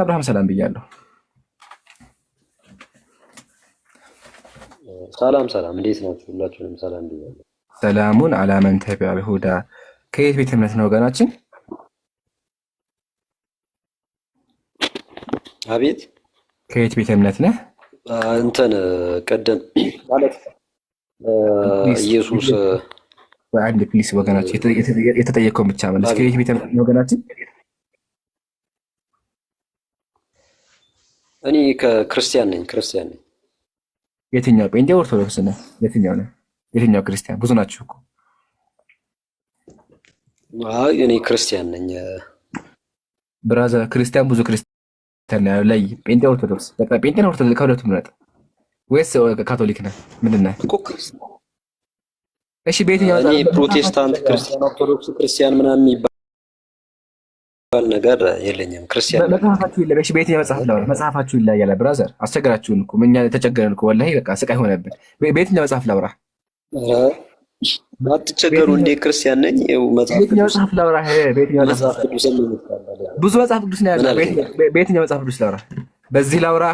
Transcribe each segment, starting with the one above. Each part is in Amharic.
ወንድማችን አብርሃም ሰላም ብያለሁ። ሰላም ሰላም፣ እንዴት ናችሁ? ሁላችሁንም ሰላም ብያለሁ። ሰላሙን አላመን ተቢያ ሁዳ። ከየት ቤት እምነት ነው ወገናችን? አቤት፣ ከየት ቤት እምነት ነህ? እንትን ቀደም ማለት ኢየሱስ አንድ ፕሊስ ወገናችን፣ የተጠየቀውን ብቻ መለስ። ከየት ቤት እምነት ነው ወገናችን? እኔ ከክርስቲያን ነኝ። ክርስቲያን ነኝ። የትኛው ጴንጤ ኦርቶዶክስ ነ የትኛው ነ የትኛው ክርስቲያን? ብዙ ናችሁ እኮ። እኔ ክርስቲያን ነኝ። ብራዘር ክርስቲያን ብዙ ክርስቲያን ነው። ላይ ጴንጤ ኦርቶዶክስ፣ በቃ ጴንጤ ኦርቶዶክስ፣ ከሁለቱ ምረጥ። ወይስ ካቶሊክ ነ ምንድን ነህ? እሺ በየትኛው? ፕሮቴስታንት፣ ክርስቲያን፣ ኦርቶዶክስ፣ ክርስቲያን ምናምን የሚባል የሚባል ነገር የለኝም። ክርስቲያን ቤት መጽሐፍ ላውራ። መጽሐፋችሁ ይለያያል። ብራዘር አስቸገራችሁን እኮ እኛ ተቸገረን እኮ ወላሂ በቃ ስቃይ ሆነብን። ቤት መጽሐፍ ላውራ አትቸገሩ እንዴ ክርስቲያን ነኝ። ቤትኛው መጽሐፍ ላውራ። ብዙ መጽሐፍ ቅዱስ ነው ያለው። ቤትኛው መጽሐፍ ቅዱስ ላውራ። በዚህ ላውራ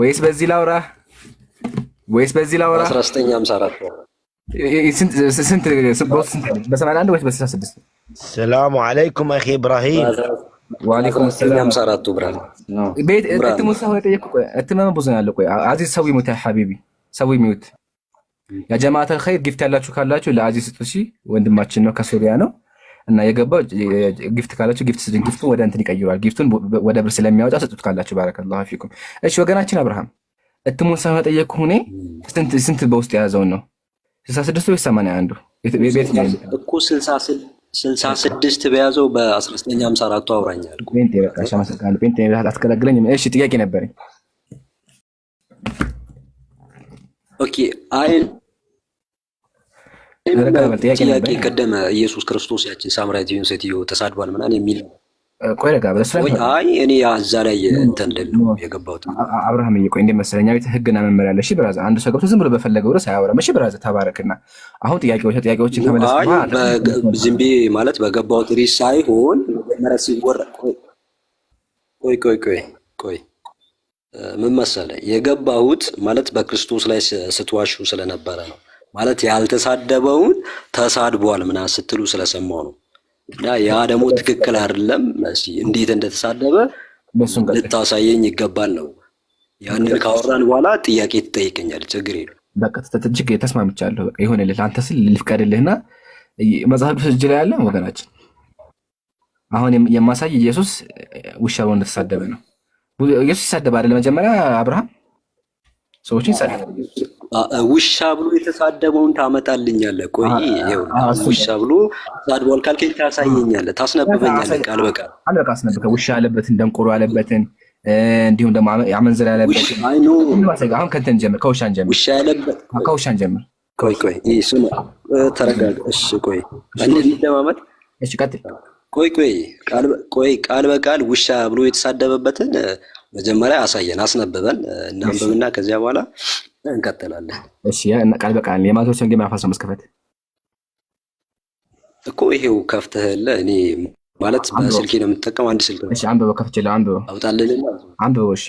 ወይስ በዚህ ላውራ ወይስ በዚህ ላውራ? ስንት በሰማንያ አንድ ወይስ በስልሳ ስድስት ሰላሙ አለይኩም አኺ ኢብራሂም። ወአለይኩም ሰላም ሰራቱ ብራል ቤት እትሙ ሰው የጠየኩ ቆይ እትመ ብዙ ነው ያለው። ቆይ አዚዝ ሰው ይሙት ሐቢቢ ሰው ይሙት ያ ጀማዓተል ኸይር ጊፍት ያላችሁ ካላችሁ ለአዚዝ ስጡ። እሺ ወንድማችን ነው ከሱሪያ ነው እና የገባው ጊፍት ካላችሁ ጊፍት ስጡን። ጊፍቱን ወደ እንትን ይቀይሯል። ጊፍቱን ወደ ብር ስለሚያወጣ ስጡት ካላችሁ። ባረከላሁ ፊኩም። እሺ ወገናችን አብርሃም እትሙን ሰው የጠየኩ እኔ ስንት በውስጥ የያዘውን ነው 66 ወይ 81 ቤት ነው እኮ 66 ስልሳ ስድስት በያዘው በ አራቱ አውራኛል። አትከለግለኝም። እሺ ጥያቄ ነበር። ኦኬ አይ ጥያቄ ቀደመ። ኢየሱስ ክርስቶስ ያችን ሳምራዊት ሴትዮ ተሳድቧል ምናምን የሚል ነው ቆይ ረጋ በለሱ እኔ እዛ ላይ እንትን ልል የገባሁት። አብርሃም እየቆይ እንደ መሰለኛ ቤት ህግና መመሪያ አለ። እሺ አንድ ሰው ገብቶ ዝም ብሎ በፈለገው አያወራም። እሺ ተባረክና አሁን ጥያቄዎች ጥያቄዎችን ዝም ብዬ ማለት በገባሁት ሳይሆን መጀመሪያ ሲወራ ቆይ ቆይ ቆይ ቆይ ምን የገባሁት ማለት በክርስቶስ ላይ ስትዋሹ ስለነበረ ነው። ማለት ያልተሳደበውን ተሳድቧል ምናምን ስትሉ ስለሰማው ነው ያ ደግሞ ትክክል አይደለም። እንዴት እንደተሳደበ ልታሳየኝ ይገባል ነው። ያንን ካወራን በኋላ ጥያቄ ትጠይቀኛል። ችግር የለም። በቃ እጅግ ተስማምቻለሁ። የሆነ ይሆንልህ። አንተ ስል ልፍቀድልህና መጽሐፍ ቅዱስ እጅ ላይ ያለ ወገናችን አሁን የማሳይ ኢየሱስ ውሻ በሆነ እንደተሳደበ ነው። ኢየሱስ ይሳደባል። መጀመሪያ አብርሃም ሰዎችን ይሳደባል። ውሻ ብሎ የተሳደበውን ታመጣልኛለህ። ቆይ ውሻ ብሎ ተሳድቧል ካልከኝ ታሳየኛለህ፣ ታስነብበኛለህ ቃል በቃል ቃል በቃል አስነብከ ውሻ ያለበትን ደንቆሮ ያለበትን እንዲሁም ደግሞ አመንዝር ያለበትን አሁን ከእንትን ጀምር፣ ከውሻን ጀምር፣ ውሻ ያለበት ጀምር። ቆይ ቆይ፣ እሱ ተረጋጋ። እሺ ቆይ እንደማመጥ። እሺ ቀጥል ቆይ ቆይ ቆይ ቃል በቃል ውሻ ብሎ የተሳደበበትን መጀመሪያ አሳየን፣ አስነበበን እናንብብና ከዚያ በኋላ እንቀጥላለን። እሺ ቃል በቃል የማቴዎስ ወንጌል ምዕራፍ 15 ክፈት። እኮ ይሄው ከፍተህለ እኔ ማለት በስልኬ ነው የምጠቀም አንድ ስልክ ነው። እሺ አንብበው፣ ከፍቼልህ አንብበው፣ አውጣልህና አንብበው። እሺ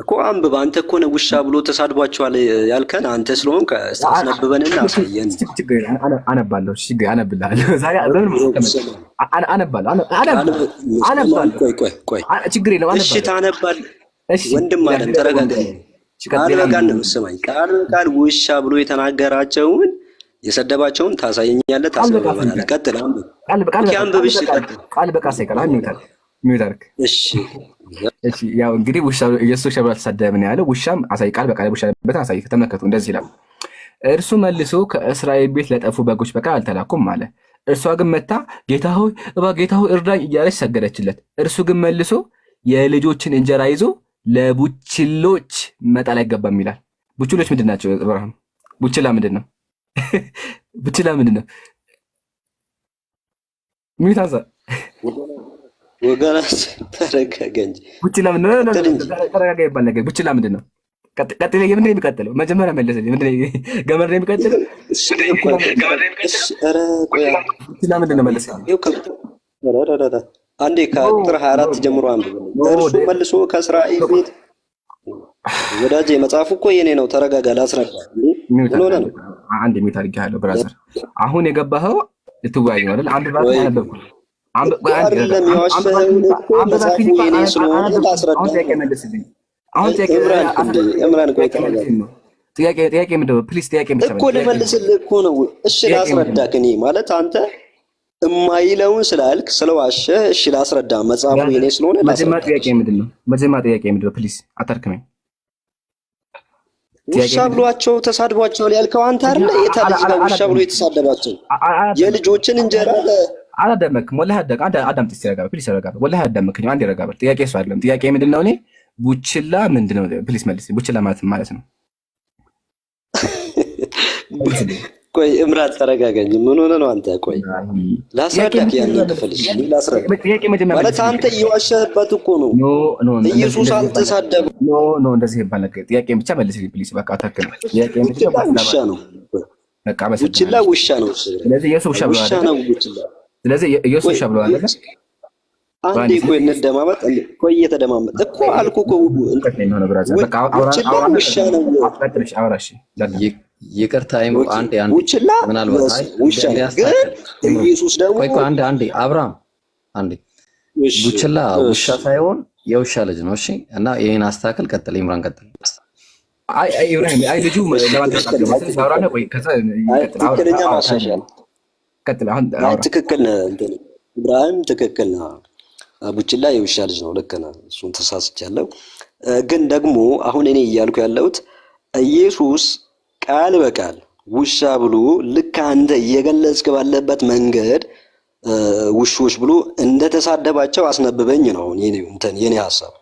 እኮ አንብብ። አንተ እኮ ነው ውሻ ብሎ ተሳድቧቸዋል ያልከን አንተ ስለሆንክ አስነብበንና አሳየን። አነባለሁ፣ አነብልሃለሁ። ችግር የለውም። እሺ ታነባለህ። ወንድም አለም ተረጋጋ። ቃል በቃል ነው የምትሰማኝ። ቃል በቃል ውሻ ብሎ የተናገራቸውን የሰደባቸውን ታሳየኛለህ፣ ታስበበናል። ቀጥል፣ አንብብ። ቃል በቃል ሳይቀር እሺ ያው እንግዲህ ውሻ ኢየሱስ ብሎ ተሳደበ ነው ያለው። ውሻም አሳይ ቃል በቃል ውሻ ያለበትን አሳይ ተመከቱ። እንደዚህ ይላል። እርሱ መልሶ ከእስራኤል ቤት ለጠፉ በጎች በቃል አልተላኩም አለ። እርሷ ግን መታ ጌታ ሆይ እባ ጌታ ሆይ እርዳኝ እያለች ሰገደችለት። እርሱ ግን መልሶ የልጆችን እንጀራ ይዞ ለቡችሎች መጣል አይገባም ይላል። ቡችሎች ምንድን ናቸው? ብርሃም ቡችላ ምንድን ነው? ቡችላ ምንድን ነው? ሚታዛ ወገናችን ተረጋጋ እንጂ ቡችላ ምንድን ተረጋጋ ነገር የሚቀጥለው? መጀመሪያ የሚቀጥለው? ወዳጄ፣ መጽሐፉ እኮ የኔ ነው። ተረጋጋ፣ ላስረዳ ነው። አንድ ሚት አድርጌሃለሁ ብራዘር። አሁን የገባኸው ልትወያዩ አይደል? አንድ ጥያቄ ምንድን ነው? ፕሊስ ማለት አንተ እማይለውን ስላልክ ስለዋሸህ፣ እሺ ላስረዳህ። መጽሐፉ የኔ ስለሆነ መጀመሪያ ጥያቄ ምንድን ነው? መጀመሪያ ጥያቄ ምንድን ነው? ፕሊስ አታርክመኝ። ውሻ ብሏቸው ተሳድቧቸዋል ያልከው አንተ አይደለ? የታ ውሻ ብሎ የተሳደባቸው? የልጆችን እንጀራ አላደመክም። ወላሂ አዳምጥ እስኪ ረጋ በል ፕሊስ፣ ረጋ በል ወላሂ አዳመክኝ። አንድ ረጋ በል። ጥያቄ እሱ አይደለም። ጥያቄ ምንድን ነው? እኔ ቡችላ ምንድን ነው? ፕሊስ መልስ። ቡችላ ማለት ማለት ነው? ቆይ እምራት ተረጋጋኝ። ምን ሆነ ነው አንተ? ቆይ ላስረዳክ ያለው ክፍል ላስረዳክ ማለት አንተ እየዋሸህበት እኮ ነው። ኢየሱስ አልተሳደበ ኖ እንደዚህ ይባል ነገር ጥያቄን ብቻ መልስ ፕሊስ። በቃ ታክል ጥያቄ ብቻ ውሻ ነው። በቃ ውሻ ነው። ስለዚህ ኢየሱስ ውሻ ነው። ስለዚህ ኢየሱስ ሻ ብለዋል። አንዴ ቆይ እንደማመጥ ቆይ እየተደማመጥ እኮ አልኩህ እኮ ይቅርታ አንዴ አንዴ ምናልባት ኢየሱስ ደግሞ ቆይ ቆይ አንዴ አንዴ አብርሃም አንዴ ቡችላ ውሻ ሳይሆን የውሻ ልጅ ነው። እሺ እና ይሄን አስተካክል። ቀጥል ኢምራን ቀጥል። አይ አይ ኢብራሂም አይ ልጁ ለማድረግ ነው። ቀጥል። አሁን ትክክል ነህ ብርሃን፣ ትክክል ነህ። ቡችላ የውሻ ልጅ ነው። ልክ ነህ። እሱን ተሳስቻለሁ። ግን ደግሞ አሁን እኔ እያልኩ ያለሁት ኢየሱስ ቃል በቃል ውሻ ብሎ ልክ አንተ እየገለጽክ ባለበት መንገድ ውሾች ብሎ እንደተሳደባቸው አስነብበኝ ነው የኔ ሀሳብ።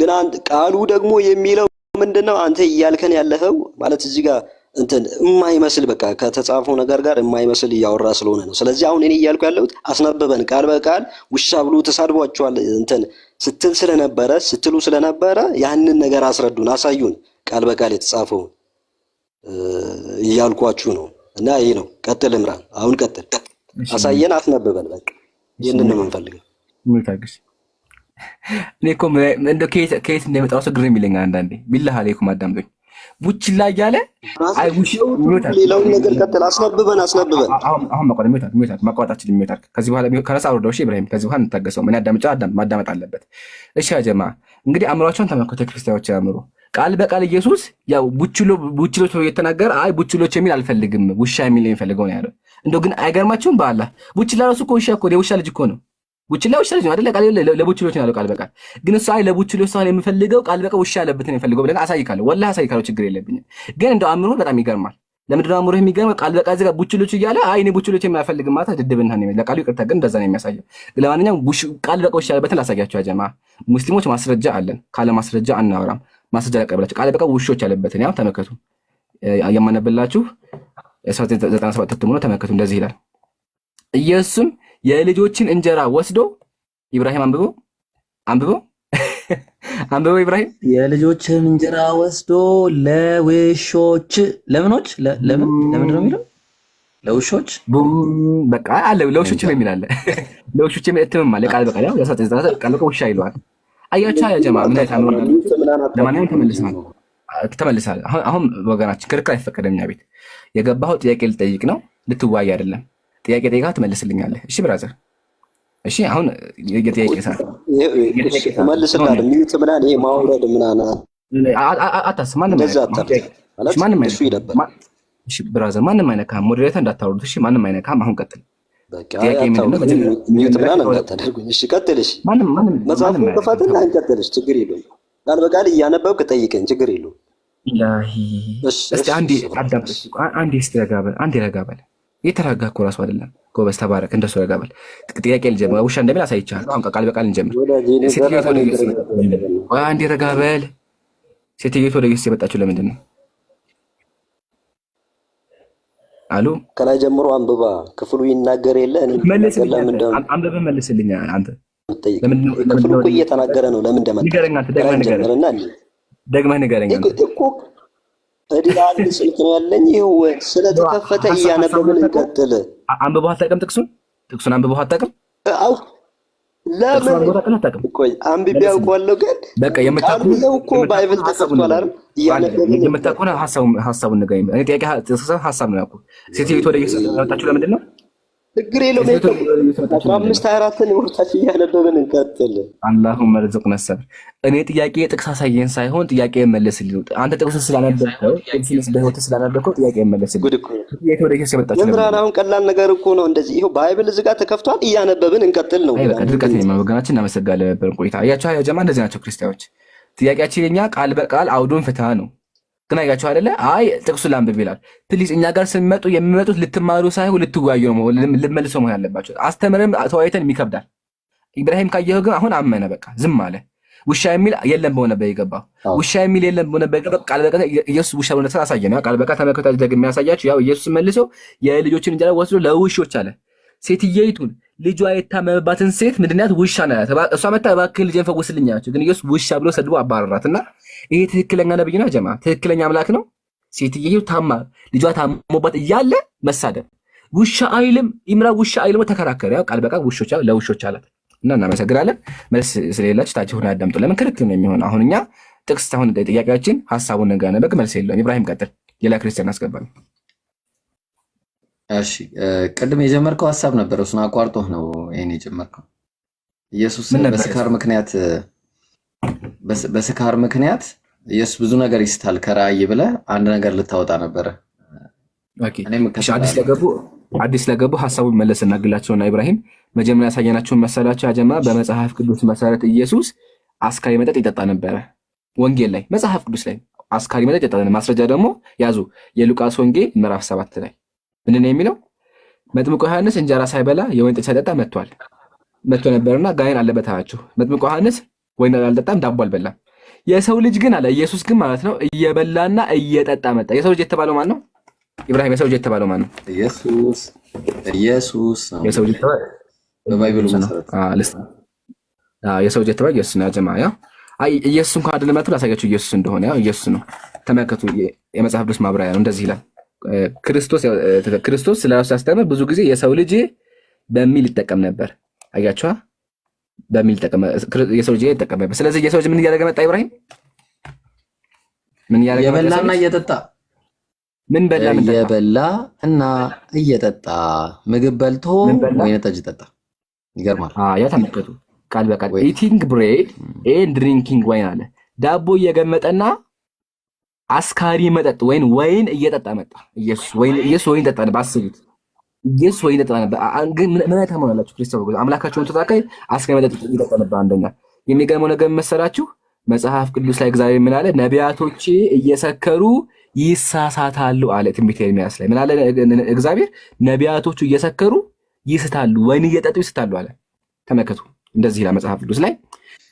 ግን ቃሉ ደግሞ የሚለው ምንድን ነው? አንተ እያልከን ያለኸው ማለት እዚህ ጋር እንትን የማይመስል በቃ ከተጻፈው ነገር ጋር የማይመስል እያወራ ስለሆነ ነው። ስለዚህ አሁን እኔ እያልኩ ያለሁት አስነብበን ቃል በቃል ውሻ ብሎ ተሳድቧቸዋል እንትን ስትል ስለነበረ ስትሉ ስለነበረ ያንን ነገር አስረዱን፣ አሳዩን ቃል በቃል የተጻፈውን እያልኳችሁ ነው። እና ይሄ ነው። ቀጥል እምራን፣ አሁን ቀጥል። አሳየን፣ አስነብበን። በቃ ይህንን ነው የምንፈልገው። እኔ እኮ እንደ ከየት እንደመጣ ሰው ግርም ይለኛል አንዳንዴ። ቢላህ አለይኩም አዳምጦኝ ቡችላ እያለ ሌላውን ነገር ቀጥል። አስነብበን አስነብበን አሁን ከዚህ በኋላ አውርደው ከዚህ በኋላ እንታገሰው ምን ማዳመጥ አለበት። እሺ ጀማ እንግዲህ አእምሯቸውን ክርስቲያኖች አእምሮ ቃል በቃል ኢየሱስ ያው ቡችሎች አይ ቡችሎች የሚል አልፈልግም ውሻ የሚል የሚፈልገው ነው ያለው። እንደው ግን አይገርማችሁም? በአላህ ቡችላ ራሱ እኮ ውሻ እኮ የውሻ ልጅ እኮ ነው ውችላ ውሻ ልጅ ነው አይደለ? ቃል ለቡችሎች ነው ያለው ቃል በቃል ግን እሱ አይ ለቡችሎች ሳይሆን የምፈልገው ቃል በቃል ውሻ ያለበትን የምፈልገው ብለህ አሳይካለሁ። ወላሂ አሳይካለሁ። ችግር የለብኝም። ግን እንደው አእምሮህ በጣም ይገርማል። ለምንድን ነው አእምሮህ የሚገርም? ቃል በቃል እዚህ ጋር ቡችሎች እያለ አይ እኔ ቡችሎች የማያፈልግም ማለት ድድብና ነው ለቃሉ ይቅርታ፣ ግን እንደዛ ነው የሚያሳየው። ለማንኛውም ቃል በቃል ውሻ ያለበትን ላሳያቸው። ጀማ ሙስሊሞች ማስረጃ አለን፣ ካለ ማስረጃ አናወራም። ማስረጃ ላቀርብላችሁ። ቃል በቃል ውሾች ያለበትን ያው ተመከቱ። የማነበላችሁ 97 ነው ተመከቱ። እንደዚህ ይላል ኢየሱስም የልጆችን እንጀራ ወስዶ ኢብራሂም አንብቦ አንብቦ አንብቦ ኢብራሂም የልጆችን እንጀራ ወስዶ ለውሾች ለምኖች ለምን ለምን ነው የሚለው ለውሾች በቃ አለ ለውሾች ነው የሚላለ ለውሾች እትምም አለ ቃል በቃል ቃል በቃ ውሻ ይለዋል። አያቻ ያጀማ ለማንኛውም ተመልሰናል ተመልሰናል። አሁን ወገናችን ክርክር አይፈቀደም። እኛ ቤት የገባኸው ጥያቄ ልጠይቅ ነው ልትዋይ አይደለም። ጥያቄ ጠይቃ ትመልስልኛለህ። እሺ ብራዘር፣ እሺ አሁን የጥያቄ ሰዓት መልስልሃል። ሚዩት ምናምን ይሄ ማውረድ ምናምን አታስብ። ማንም ብራዘር፣ ማንም አይነካም። ሞዴሬተር እንዳታወርዱት እሺ። ማንም አይነካም። አሁን ቀጥል። ሚዩት ምናምን እንዳታደርጉኝ እሺ። ማንም መጽሐፍ ክፈትና አንቀጥልሽ። ችግር የለውም። ቃል በቃል እያነበብክ ጠይቀኝ። ችግር የለውም። አንዴ ረጋ በል። የተረጋ እኮ ራሱ አይደለም። ጎበዝ ተባረክ። እንደሱ ረጋ በል። ጥያቄ ልጀምር። ውሻ እንደሚል አሳይቻለሁ። አሁን ቃል በቃል እንጀምር። አንድ ረጋ በል። ሴትዮቱ ወደ ኢየሱስ የመጣችው ለምንድን ነው አሉ። ከላይ ጀምሮ አንብባ ክፍሉ ይናገር የለ አንብበ መልስልኛ። አንተ ክፍሉ እየተናገረ ነው። ለምን ደመጣ ደግመህ ንገረኝ። እዲህ አንድ ስልክ ነው ያለኝ። ይኸው ስለተከፈተ እያነበብን እንቀጥል። አንብበህ አታውቅም? ጥቅሱን ጥቅሱን አንብበህ አታውቅም? አዎ አንብቤ አውቀዋለሁ፣ ግን አንብቤው እኮ ባይብል ተከፍቷል የምታውቀው ሀሳቡን ንገረኝ። ጥያቄ ሀሳብ ነው ያልኩህ። ሴትዮዋ ወደ ኢየሱስ መጣችሁ ለምንድን ነው? ችግር የለውም። አምስት አራትን ወርታች እያነበብን እንቀጥል። አላሁ መርዝቅ መሰል እኔ ጥያቄ ጥቅስ አሳየን ሳይሆን ጥያቄ መለስልኝ። አንተ ጥቅስ ስላነበብከው በህይወት ስላነበብከው ጥያቄ መለስልኝ። ምራን አሁን ቀላል ነገር እኮ ነው። እንደዚህ ይኸው ባይብል ዝጋ ተከፍቷል። እያነበብን እንቀጥል ነው። ድርቀት ወገናችን እናመሰጋለን። ነበርን ቆይታ እያቸው ጀማ እንደዚህ ናቸው ክርስቲያኖች። ጥያቄያችን የኛ ቃል በቃል አውዶን ፍትሃ ነው ግን አይጋቸው አይደለ? አይ ጥቅሱ ላንብብ ይላል። ትሊስ እኛ ጋር ስንመጡ የሚመጡት ልትማሩ ሳይሆን ልትወያዩ ነው፣ ልመልሰው መሆን ያለባቸው። አስተምረን ተወያይተን የሚከብዳል። ኢብራሂም ካየኸው ግን አሁን አመነ፣ በቃ ዝም አለ። ውሻ የሚል የለም በሆነ በይገባ ውሻ የሚል የለም በሆነ በይገባ ቃል በቃ ኢየሱስ ውሻ ሆነ ተሳሳየ ነው ቃል በቃ ተመከታጅ ደግም የሚያሳያችሁ ያው ኢየሱስ መልሶ የልጆችን እንጀራ ወስዶ ለውሾች አለ ሴትየይቱን ልጇ የታመመባትን ሴት ምድንያት ውሻ ናት። እሷ መታ እባክህን ልጄን ፈውስልኝ አለችው። ግን ኢየሱስ ውሻ ብሎ ሰድቦ አባረራት እና ይሄ ትክክለኛ ነብይ ነው ጀማ፣ ትክክለኛ አምላክ ነው። ሴትየው ታማ ልጇ ታሞባት እያለ መሳደብ ውሻ አይልም። ኢምራ ውሻ አይልም ተከራከረ። ያው ቃል በቃል ውሾች ለውሾች አላት እና እናመሰግናለን። መልስ ስለሌላችሁ ታች ሆነ ያዳምጡ። ለምን ክርክር ነው የሚሆን? አሁን እኛ ጥቅስ አሁን ጥያቄያችን ሀሳቡን ነገር ጋነበግ መልስ የለውም። ኢብራሂም ቀጥል። ሌላ ክርስቲያን አስገባል። እሺ ቅድም የጀመርከው ሀሳብ ነበር፣ እሱን አቋርጦህ ነው ይሄን የጀመርከው። ኢየሱስ በስካር ምክንያት በስካር ምክንያት ኢየሱስ ብዙ ነገር ይስታል ከራእይ ብለህ አንድ ነገር ልታወጣ ነበረ። አዲስ ለገቡ ሀሳቡን መለስ እናግላቸውና ኢብራሂም መጀመሪያ ያሳየናቸውን መሰላቸው ያጀማ በመጽሐፍ ቅዱስ መሰረት ኢየሱስ አስካሪ መጠጥ ይጠጣ ነበረ። ወንጌል ላይ መጽሐፍ ቅዱስ ላይ አስካሪ መጠጥ ይጠጣ ማስረጃ ደግሞ ያዙ የሉቃስ ወንጌል ምዕራፍ ሰባት ላይ ምንድን ነው የሚለው? መጥምቁ ዮሐንስ እንጀራ ሳይበላ የወይን ጠጅ ሳይጠጣ መጥቷል መጥቶ ነበርና ጋይን አለበት አላችሁ። መጥምቁ ዮሐንስ ወይን አልጠጣም፣ ዳቦ አልበላም። የሰው ልጅ ግን አለ ኢየሱስ ግን ማለት ነው እየበላና እየጠጣ መጣ። የሰው ልጅ የተባለው ማን ነው? ኢብራሂም የሰው ልጅ የተባለው ማን ነው? ኢየሱስ ኢየሱስ የሰው ልጅ የተባለው የሰው ልጅ የተባለው ኢየሱስ ነው። ጀማ ያ አይ ኢየሱስ እንኳን አይደለም። ላሳያችሁ ኢየሱስ እንደሆነ ያው ኢየሱስ ነው። ተመልከቱ፣ የመጽሐፍ ቅዱስ ማብራሪያ ነው። እንደዚህ ይላል ክርስቶስ ስለ ራሱ ሲያስተምር ብዙ ጊዜ የሰው ልጅ በሚል ይጠቀም ነበር። አያችኋ፣ በሚል የሰው ልጅ ይጠቀም ነበር። ስለዚህ የሰው ልጅ ምን እያደረገ መጣ? ኢብራሂም ምን እያደረገ የበላና እየጠጣ ምን በላ የበላ እና እየጠጣ ምግብ በልቶ ወይነ ጠጅ ጠጣ። ይገርማል። ያ ተመልከቱ፣ ቃል በቃል ኢቲንግ ብሬድ ኤንድ ድሪንኪንግ ዋይን አለ ዳቦ እየገመጠና አስካሪ መጠጥ ወይን ወይን እየጠጣ መጣ። ኢየሱስ ወይን ኢየሱስ ወይን ጠጣ ነበር። አስቡት፣ ኢየሱስ ወይን ጠጣ ነበር። ግን ምን አይነት ሃይማኖት አላችሁ ክርስቲያኖች? አምላካችሁን ተጣቀይ አስካሪ መጠጥ እየጠጣ ነበር። አንደኛ የሚገርመው ነገር መሰላችሁ መጽሐፍ ቅዱስ ላይ እግዚአብሔር ምን አለ? ነቢያቶቼ እየሰከሩ ይሳሳታሉ አለ። ትንቢተ ኤርምያስ ላይ ምን አለ እግዚአብሔር? ነቢያቶቹ እየሰከሩ ይስታሉ፣ ወይን እየጠጡ ይስታሉ አለ። ተመከቱ እንደዚህ ይላል መጽሐፍ ቅዱስ ላይ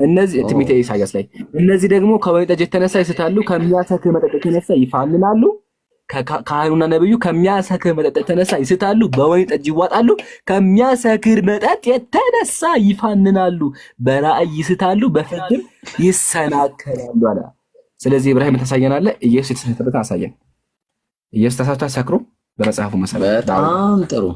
እነዚህ ትንቢተ ኢሳያስ ላይ እነዚህ ደግሞ ከወይን ጠጅ የተነሳ ይስታሉ፣ ከሚያሰክር መጠጥ የተነሳ ይፋንናሉ። ካህኑና ነብዩ ከሚያሰክር መጠጥ የተነሳ ይስታሉ፣ በወይን ጠጅ ይዋጣሉ፣ ከሚያሰክር መጠጥ የተነሳ ይፋንናሉ፣ በራእይ ይስታሉ፣ በፍርድም ይሰናከላሉ አለ። ስለዚህ ኢብራሂም ታሳየናለህ። ኢየሱስ የተሳተበትን አሳየን። ኢየሱስ ተሳቶ አሳክሮ በመጽሐፉ መሰረት በጣም ጥሩ